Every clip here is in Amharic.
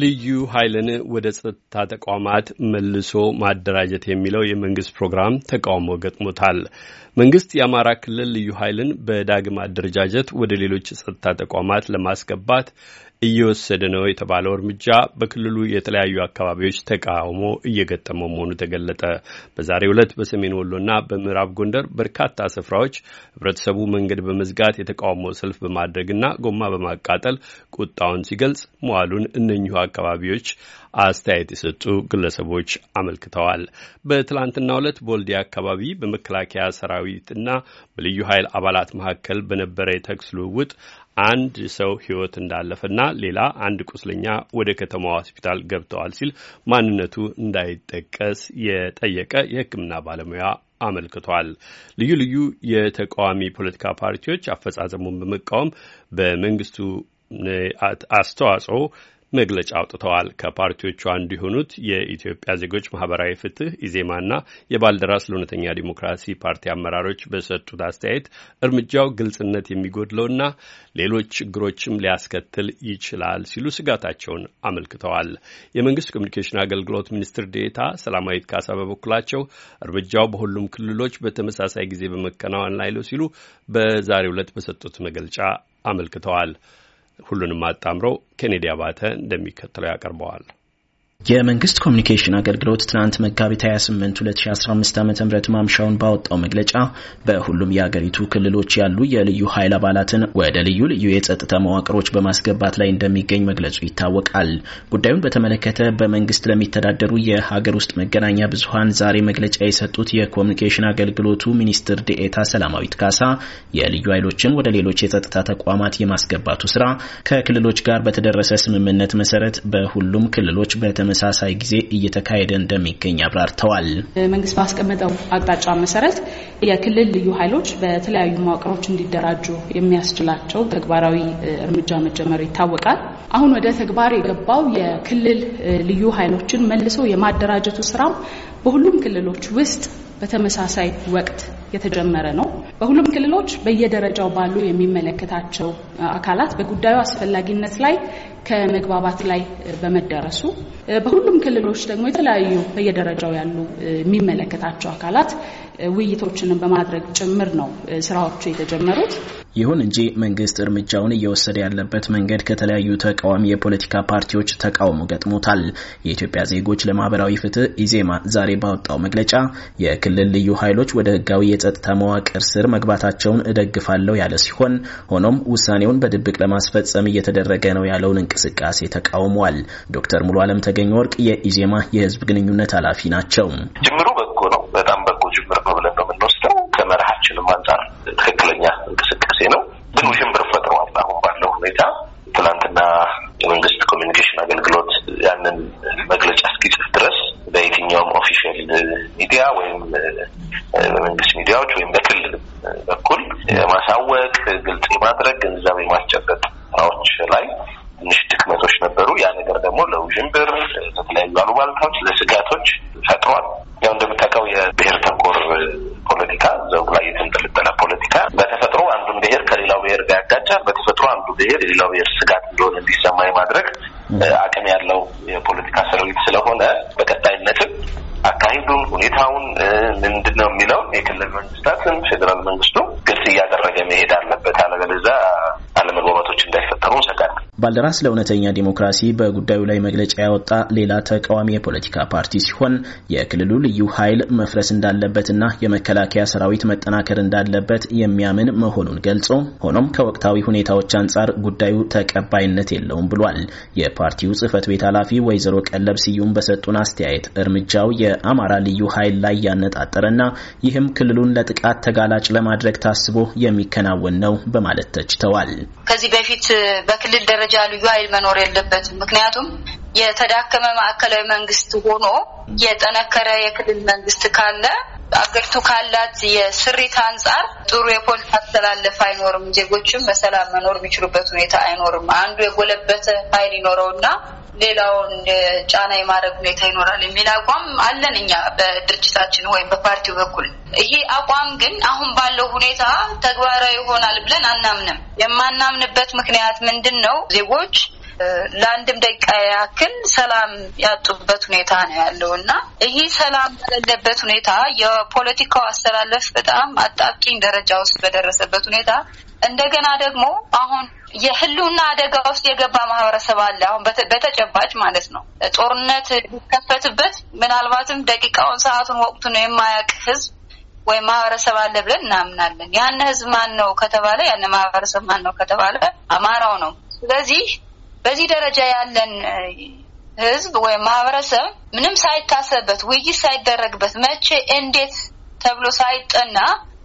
ልዩ ኃይልን ወደ ጸጥታ ተቋማት መልሶ ማደራጀት የሚለው የመንግስት ፕሮግራም ተቃውሞ ገጥሞታል። መንግስት የአማራ ክልል ልዩ ኃይልን በዳግም አደረጃጀት ወደ ሌሎች ጸጥታ ተቋማት ለማስገባት እየወሰደ ነው የተባለው እርምጃ በክልሉ የተለያዩ አካባቢዎች ተቃውሞ እየገጠመው መሆኑ ተገለጠ። በዛሬው ዕለት በሰሜን ወሎና በምዕራብ ጎንደር በርካታ ስፍራዎች ህብረተሰቡ መንገድ በመዝጋት የተቃውሞ ሰልፍ በማድረግና ጎማ በማቃጠል ቁጣውን ሲገልጽ መዋሉን እነኚሁ አካባቢዎች አስተያየት የሰጡ ግለሰቦች አመልክተዋል። በትላንትናው ዕለት በወልዲያ አካባቢ በመከላከያ ሰራዊትና በልዩ ኃይል አባላት መካከል በነበረ የተኩስ ልውውጥ አንድ ሰው ሕይወት እንዳለፈና ሌላ አንድ ቁስለኛ ወደ ከተማዋ ሆስፒታል ገብተዋል ሲል ማንነቱ እንዳይጠቀስ የጠየቀ የሕክምና ባለሙያ አመልክቷል። ልዩ ልዩ የተቃዋሚ ፖለቲካ ፓርቲዎች አፈጻጸሙን በመቃወም በመንግስቱ አስተዋጽኦ መግለጫ አውጥተዋል። ከፓርቲዎቹ አንዱ የሆኑት የኢትዮጵያ ዜጎች ማህበራዊ ፍትህ ኢዜማና የባልደራስ ለእውነተኛ ዲሞክራሲ ፓርቲ አመራሮች በሰጡት አስተያየት እርምጃው ግልጽነት የሚጎድለውና ሌሎች ችግሮችም ሊያስከትል ይችላል ሲሉ ስጋታቸውን አመልክተዋል። የመንግስት ኮሚኒኬሽን አገልግሎት ሚኒስትር ዴታ ሰላማዊት ካሳ በበኩላቸው እርምጃው በሁሉም ክልሎች በተመሳሳይ ጊዜ በመከናወን ላይ ነው ሲሉ በዛሬው ዕለት በሰጡት መግለጫ አመልክተዋል። ሁሉንም አጣምረው ኬኔዲ አባተ እንደሚከተለው ያቀርበዋል። የመንግስት ኮሚኒኬሽን አገልግሎት ትናንት መጋቢት 28 2015 ዓ ም ማምሻውን ባወጣው መግለጫ በሁሉም የአገሪቱ ክልሎች ያሉ የልዩ ኃይል አባላትን ወደ ልዩ ልዩ የጸጥታ መዋቅሮች በማስገባት ላይ እንደሚገኝ መግለጹ ይታወቃል። ጉዳዩን በተመለከተ በመንግስት ለሚተዳደሩ የሀገር ውስጥ መገናኛ ብዙሀን ዛሬ መግለጫ የሰጡት የኮሚኒኬሽን አገልግሎቱ ሚኒስትር ዴኤታ ሰላማዊት ካሳ የልዩ ኃይሎችን ወደ ሌሎች የጸጥታ ተቋማት የማስገባቱ ስራ ከክልሎች ጋር በተደረሰ ስምምነት መሰረት በሁሉም ክልሎች በተመ በተመሳሳይ ጊዜ እየተካሄደ እንደሚገኝ አብራርተዋል። መንግስት ባስቀመጠው አቅጣጫ መሰረት የክልል ልዩ ኃይሎች በተለያዩ መዋቅሮች እንዲደራጁ የሚያስችላቸው ተግባራዊ እርምጃ መጀመሩ ይታወቃል። አሁን ወደ ተግባር የገባው የክልል ልዩ ኃይሎችን መልሶ የማደራጀቱ ስራም በሁሉም ክልሎች ውስጥ በተመሳሳይ ወቅት የተጀመረ ነው። በሁሉም ክልሎች በየደረጃው ባሉ የሚመለከታቸው አካላት በጉዳዩ አስፈላጊነት ላይ ከመግባባት ላይ በመደረሱ በሁሉም ክልሎች ደግሞ የተለያዩ በየደረጃው ያሉ የሚመለከታቸው አካላት ውይይቶችንም በማድረግ ጭምር ነው ስራዎቹ የተጀመሩት። ይሁን እንጂ መንግስት እርምጃውን እየወሰደ ያለበት መንገድ ከተለያዩ ተቃዋሚ የፖለቲካ ፓርቲዎች ተቃውሞ ገጥሞታል። የኢትዮጵያ ዜጎች ለማህበራዊ ፍትህ ኢዜማ ዛሬ ባወጣው መግለጫ የክልል ልዩ ኃይሎች ወደ ህጋዊ የጸጥታ መዋቅር ስር መግባታቸውን እደግፋለሁ ያለ ሲሆን ሆኖም ውሳኔ ውሳኔውን በድብቅ ለማስፈጸም እየተደረገ ነው ያለውን እንቅስቃሴ ተቃውሟል። ዶክተር ሙሉ አለም ተገኘ ወርቅ የኢዜማ የህዝብ ግንኙነት ኃላፊ ናቸው። ጅምሩ በጎ ነው፣ በጣም በጎ ጅምር ነው ብለን ነው የምንወስደው። ከመርሃችንም አንጻር ትክክለኛ እንቅስቃሴ ነው፣ ግን ውዥንብር ፈጥሯል። አሁን ባለው ሁኔታ ትናንትና የመንግስት ኮሚኒኬሽን አገልግሎት ያንን መግለጫ እስኪጽፍ ድረስ በየትኛውም ኦፊሻል ሚዲያ ወይም በመንግስት ሚዲያዎች ወይም በክልል በኩል የማሳወቅ ግልጽ የማድረግ የማዕበል ስጋት እንደሆነ እንዲሰማ የማድረግ አቅም ያለው የፖለቲካ ሰራዊት ስለሆነ በቀጣይነትም አካሂዱን፣ ሁኔታውን ምንድን ነው የሚለው የክልል መንግስታትም ፌዴራል መንግስቱ ግልጽ እያደረገ መሄድ አለበት። አለበለዚያ አለመግባባቶች እንዳይፈጠሩ ሰጋል። ባልደራስ ለእውነተኛ ዲሞክራሲ በጉዳዩ ላይ መግለጫ ያወጣ ሌላ ተቃዋሚ የፖለቲካ ፓርቲ ሲሆን የክልሉ ልዩ ኃይል መፍረስ እንዳለበትና የመከላከያ ሰራዊት መጠናከር እንዳለበት የሚያምን መሆኑን ገልጾ ሆኖም ከወቅታዊ ሁኔታዎች አንጻር ጉዳዩ ተቀባይነት የለውም ብሏል። የፓርቲው ጽህፈት ቤት ኃላፊ ወይዘሮ ቀለብ ስዩም በሰጡን አስተያየት እርምጃው የአማራ ልዩ ኃይል ላይ ያነጣጠረና ይህም ክልሉን ለጥቃት ተጋላጭ ለማድረግ ታስቦ የሚከናወን ነው በማለት ተችተዋል። ከዚህ በፊት በክልል ደረጃ ደረጃ ልዩ ኃይል መኖር የለበትም። ምክንያቱም የተዳከመ ማዕከላዊ መንግስት ሆኖ የጠነከረ የክልል መንግስት ካለ አገሪቱ ካላት የስሪት አንጻር ጥሩ የፖለቲካ አስተላለፍ አይኖርም። ዜጎችም በሰላም መኖር የሚችሉበት ሁኔታ አይኖርም። አንዱ የጎለበተ ኃይል ይኖረውና ሌላውን ጫና የማድረግ ሁኔታ ይኖራል የሚል አቋም አለን እኛ በድርጅታችን ወይም በፓርቲው በኩል። ይሄ አቋም ግን አሁን ባለው ሁኔታ ተግባራዊ ይሆናል ብለን አናምንም። የማናምንበት ምክንያት ምንድን ነው? ዜጎች ለአንድም ደቂቃ ያክል ሰላም ያጡበት ሁኔታ ነው ያለው እና ይህ ሰላም በሌለበት ሁኔታ የፖለቲካው አሰላለፍ በጣም አጣብቂኝ ደረጃ ውስጥ በደረሰበት ሁኔታ እንደገና ደግሞ አሁን የህልውና አደጋ ውስጥ የገባ ማህበረሰብ አለ። አሁን በተጨባጭ ማለት ነው። ጦርነት ሊከፈትበት ምናልባትም ደቂቃውን፣ ሰዓቱን፣ ወቅቱን የማያውቅ ህዝብ ወይም ማህበረሰብ አለ ብለን እናምናለን። ያን ህዝብ ማን ነው ከተባለ፣ ያን ማህበረሰብ ማን ነው ከተባለ አማራው ነው። ስለዚህ በዚህ ደረጃ ያለን ህዝብ ወይም ማህበረሰብ ምንም ሳይታሰብበት ውይይት ሳይደረግበት መቼ እንዴት ተብሎ ሳይጠና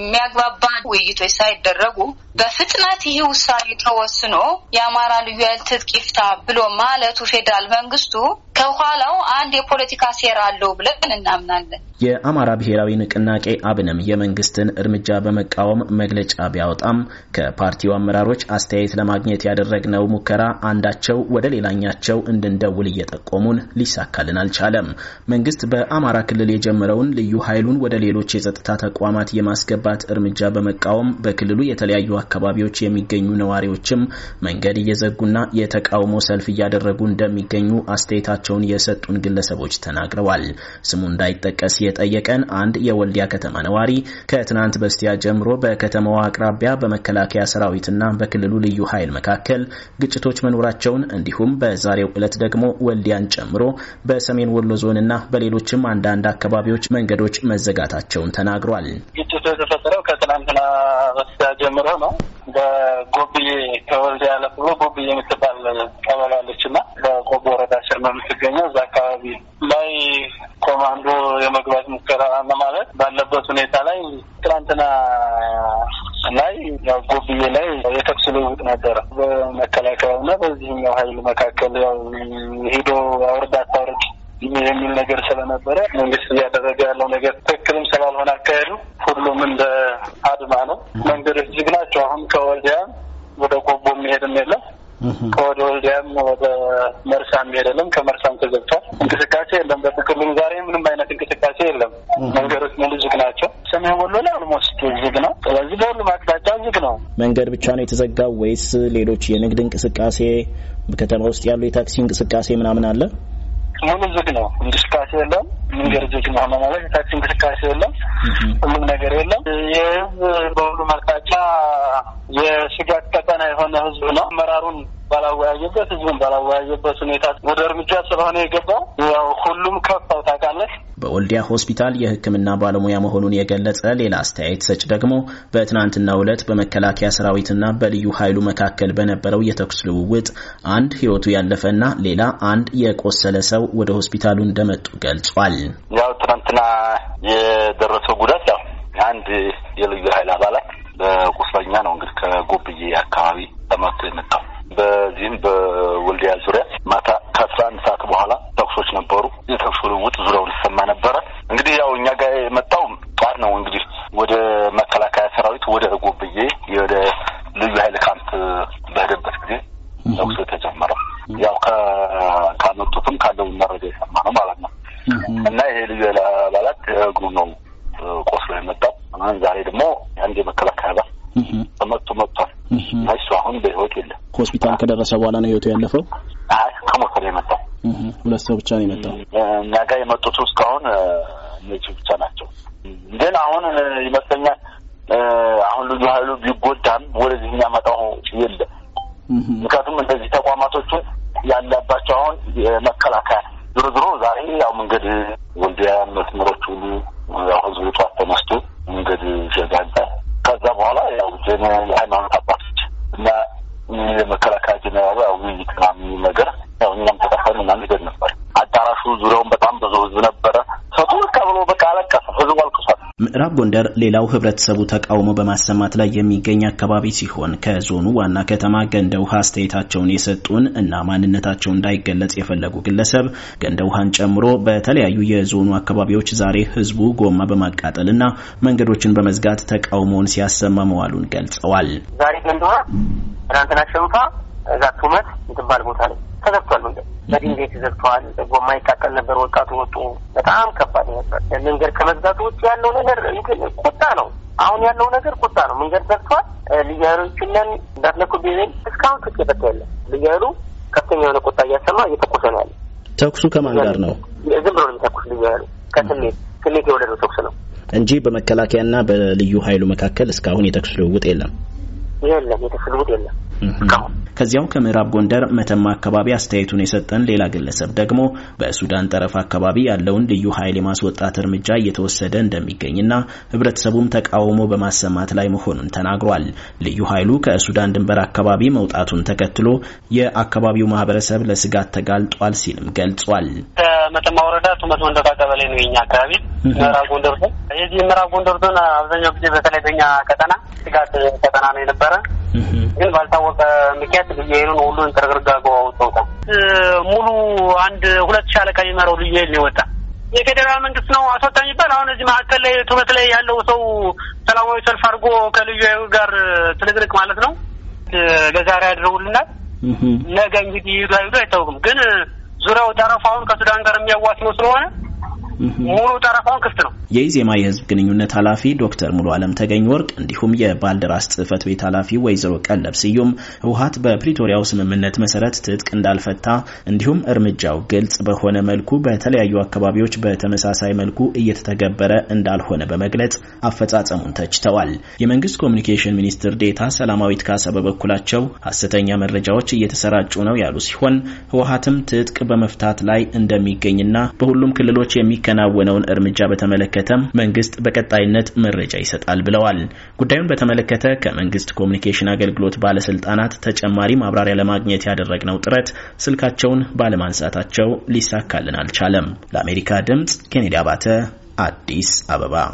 የሚያግባባ ውይይቶች ሳይደረጉ በፍጥነት ይህ ውሳኔ ተወስኖ የአማራ ልዩ ኃይል ትጥቅ ይፍታ ብሎ ማለቱ ፌዴራል መንግስቱ ከኋላው አንድ የፖለቲካ ሴራ አለው ብለን እናምናለን። የአማራ ብሔራዊ ንቅናቄ አብንም የመንግስትን እርምጃ በመቃወም መግለጫ ቢያወጣም ከፓርቲው አመራሮች አስተያየት ለማግኘት ያደረግነው ሙከራ አንዳቸው ወደ ሌላኛቸው እንድንደውል እየጠቆሙን ሊሳካልን አልቻለም። መንግስት በአማራ ክልል የጀመረውን ልዩ ኃይሉን ወደ ሌሎች የጸጥታ ተቋማት የማስገባት እርምጃ በመቃወም በክልሉ የተለያዩ አካባቢዎች የሚገኙ ነዋሪዎችም መንገድ እየዘጉና የተቃውሞ ሰልፍ እያደረጉ እንደሚገኙ አስተያየታቸውን የሰጡን ግለሰቦች ተናግረዋል። ስሙ እንዳይጠቀስ የጠየቀን አንድ የወልዲያ ከተማ ነዋሪ ከትናንት በስቲያ ጀምሮ በከተማዋ አቅራቢያ በመከላከያ ሰራዊትና በክልሉ ልዩ ኃይል መካከል ግጭቶች መኖራቸውን እንዲሁም በዛሬው ዕለት ደግሞ ወልዲያን ጨምሮ በሰሜን ወሎ ዞንና በሌሎችም አንዳንድ አካባቢዎች መንገዶች መዘጋታቸውን ተናግሯል። ግጭቱ የተፈጠረው ከትናንትና በስቲያ ጀምሮ ነው። በጎብዬ ተወልደ አለፍ ብሎ ጎብዬ የምትባል ቀበሌ አለች እና በቆቦ ወረዳ ስር ነው የምትገኘው። እዛ አካባቢ ላይ ኮማንዶ የመግባት ሙከራ ማለት ባለበት ሁኔታ ላይ ትናንትና ላይ ያው ጎብዬ ላይ የተኩስ ልውውጥ ነበረ በመከላከያ እና በዚህኛው ኃይል መካከል ያው ሂዶ አውርዳ አታውርድ የሚል ነገር ስለነበረ መንግስት እያደረገ ያለው ነገር ትክክልም ስላልሆነ አካሄዱ ሁሉም እንደ አድማ ነው። መንገዶች ዝግ ናቸው። አሁን ከወልዲያም ወደ ቆቦ የሚሄድም የለም። ከወደ ወልዲያም ወደ መርሳ የሚሄድ የለም። ከመርሳም ተዘግቷል። እንቅስቃሴ የለም። በጥቅሉ ዛሬ ምንም አይነት እንቅስቃሴ የለም። መንገዶች ሙሉ ዝግ ናቸው። ሰሜን ወሎ ላይ አልሞስት ዝግ ነው። ስለዚህ በሁሉም አቅጣጫ ዝግ ነው። መንገድ ብቻ ነው የተዘጋው ወይስ ሌሎች የንግድ እንቅስቃሴ ከተማ ውስጥ ያሉ የታክሲ እንቅስቃሴ ምናምን አለ? ሙሉ ዝግ ነው። እንቅስቃሴ የለም። መንገድ ዝግ ነው ማለት የታክሲ እንቅስቃሴ የለም። ሁሉም ነገር የለም። የህዝብ በሁሉ አቅጣጫ የስጋት ቀጠና የሆነ ህዝብ ነው። አመራሩን ባላወያየበት፣ ህዝቡን ባላወያየበት ሁኔታ ወደ እርምጃ ስለሆነ የገባው ያው ሁሉም ከፍ በወልዲያ ሆስፒታል የሕክምና ባለሙያ መሆኑን የገለጸ ሌላ አስተያየት ሰጭ ደግሞ በትናንትናው ዕለት በመከላከያ ሰራዊትና በልዩ ኃይሉ መካከል በነበረው የተኩስ ልውውጥ አንድ ህይወቱ ያለፈና ሌላ አንድ የቆሰለ ሰው ወደ ሆስፒታሉ እንደመጡ ገልጿል። ያው ትናንትና የደረሰው ጉዳት ያው አንድ የልዩ ኃይል አባላት በቁስለኛ ነው እንግዲህ ከጎብዬ አካባቢ ተመቶ የመጣው በዚህም እና ይሄ ልዩ ኃይል አባላት እግሩ ነው ቆስሎ የመጣው። ዛሬ ደግሞ አንድ የመከላከያ አባል በመቶ መጥቷል። እሱ አሁን በህይወት የለም። ሆስፒታል ከደረሰ በኋላ ነው ህይወቱ ያለፈው። ከሞተ ነው የመጣው። ሁለት ሰው ብቻ ነው የመጣው። እኛ ጋር የመጡት እስካሁን እነዚህ ብቻ ናቸው። ግን አሁን ይመስለኛል አሁን ልዩ ኃይሉ ቢጎዳም ወደዚህ የሚያመጣው የለም። ምክንያቱም እንደዚህ ተቋማቶቹ ያለባቸው አሁን መከላከያ ዞሮ ዞሮ ዛሬ ያው መንገድ ወልዲያ መስመሮች ሁሉ ያው ህዝቡ ጧት ተነስቶ መንገድ ዘጋጋ። ከዛ በኋላ ያው ጀነ የሃይማኖት አባቶች እና የመከላከያ ጀነራሉ ያው ውይይት ምናምን ነገር ያው እኛም ተጠፈን ምናምን ሄደን ነበር። አዳራሹ ዙሪያውን በጣም ብዙ ህዝብ ነበረ። ምዕራብ ጎንደር ሌላው ህብረተሰቡ ተቃውሞ በማሰማት ላይ የሚገኝ አካባቢ ሲሆን ከዞኑ ዋና ከተማ ገንደ ውሃ አስተያየታቸውን የሰጡን እና ማንነታቸው እንዳይገለጽ የፈለጉ ግለሰብ ገንደ ውሃን ጨምሮ በተለያዩ የዞኑ አካባቢዎች ዛሬ ህዝቡ ጎማ በማቃጠል እና መንገዶችን በመዝጋት ተቃውሞውን ሲያሰማ መዋሉን ገልጸዋል። ዛሬ ገንደ ውሃ ትናንትና ሸንፋ እዛ ቱመት የምትባል ቦታ ላይ ተዘግቷል። መንገድ በድንጋይ ተዘግተዋል። ጎማ ይቃጠል ነበር። ወጣቱ ወጡ። በጣም ከባድ ነበር። መንገድ ከመዝጋቱ ውጭ ያለው ነገር ቁጣ ነው። አሁን ያለው ነገር ቁጣ ነው። መንገድ ዘግተዋል። ልዩ ኃይሎችን ለን እንዳትለኩ ቢዜን እስካሁን ትጥቅ የፈታ የለም። ልዩ ኃይሉ ከፍተኛ የሆነ ቁጣ እያሰማ እየተኮሰ ነው ያለ። ተኩሱ ከማን ጋር ነው? ዝም ብሎ የሚተኩስ ልዩ ኃይሉ ከስሜት ስሜት የወለደው ተኩስ ነው እንጂ በመከላከያና በልዩ ኃይሉ መካከል እስካሁን የተኩስ ልውውጥ የለም። የለም የተኩስ ልውውጥ የለም እስካሁን ከዚያው ከምዕራብ ጎንደር መተማ አካባቢ አስተያየቱን የሰጠን ሌላ ግለሰብ ደግሞ በሱዳን ጠረፍ አካባቢ ያለውን ልዩ ኃይል የማስወጣት እርምጃ እየተወሰደ እንደሚገኝና ህብረተሰቡም ተቃውሞ በማሰማት ላይ መሆኑን ተናግሯል። ልዩ ኃይሉ ከሱዳን ድንበር አካባቢ መውጣቱን ተከትሎ የአካባቢው ማህበረሰብ ለስጋት ተጋልጧል ሲልም ገልጿል። ከመተማ ወረዳ ቱመት መንደታ ቀበሌ ነው የኛ አካባቢ ምዕራብ ጎንደር ዞን። የዚህ ምዕራብ ጎንደር ዞን አብዛኛው ጊዜ በተለይ በኛ ቀጠና ስጋት ቀጠና ነው የነበረ ግን ባልታወቀ ምክንያት ሂደት ብሄሩን ሁሉ ተረግርጋጎ አወጣውታል። ሙሉ አንድ ሁለት ሻለቃ የሚመራው ልዩ ኃይል ነው የወጣ የፌዴራል መንግስት ነው አስወጣ የሚባል አሁን እዚህ መካከል ላይ ቱበት ላይ ያለው ሰው ሰላማዊ ሰልፍ አድርጎ ከልዩ ኃይሉ ጋር ትልቅልቅ ማለት ነው ለዛሬ አድረውልናል። ነገ እንግዲህ ሂዱ አይታወቅም። ግን ዙሪያው ጠረፉ አሁን ከሱዳን ጋር የሚያዋስነው ስለሆነ ሙሉ ጠረፋውን ክፍት ነው። የኢዜማ የህዝብ ግንኙነት ኃላፊ ዶክተር ሙሉ አለም ተገኝ ወርቅ እንዲሁም የባልደራስ ጽህፈት ቤት ኃላፊ ወይዘሮ ቀለብ ስዩም ህወሀት በፕሪቶሪያው ስምምነት መሰረት ትጥቅ እንዳልፈታ እንዲሁም እርምጃው ግልጽ በሆነ መልኩ በተለያዩ አካባቢዎች በተመሳሳይ መልኩ እየተተገበረ እንዳልሆነ በመግለጽ አፈጻጸሙን ተችተዋል። የመንግስት ኮሚኒኬሽን ሚኒስትር ዴታ ሰላማዊት ካሳ በበኩላቸው ሀሰተኛ መረጃዎች እየተሰራጩ ነው ያሉ ሲሆን ህወሀትም ትጥቅ በመፍታት ላይ እንደሚገኝና በሁሉም ክልሎች የሚ የሚከናወነውን እርምጃ በተመለከተ መንግስት በቀጣይነት መረጃ ይሰጣል ብለዋል። ጉዳዩን በተመለከተ ከመንግስት ኮሚኒኬሽን አገልግሎት ባለስልጣናት ተጨማሪ ማብራሪያ ለማግኘት ያደረግነው ጥረት ስልካቸውን ባለማንሳታቸው ሊሳካልን አልቻለም። ለአሜሪካ ድምጽ ኬኔዲ አባተ አዲስ አበባ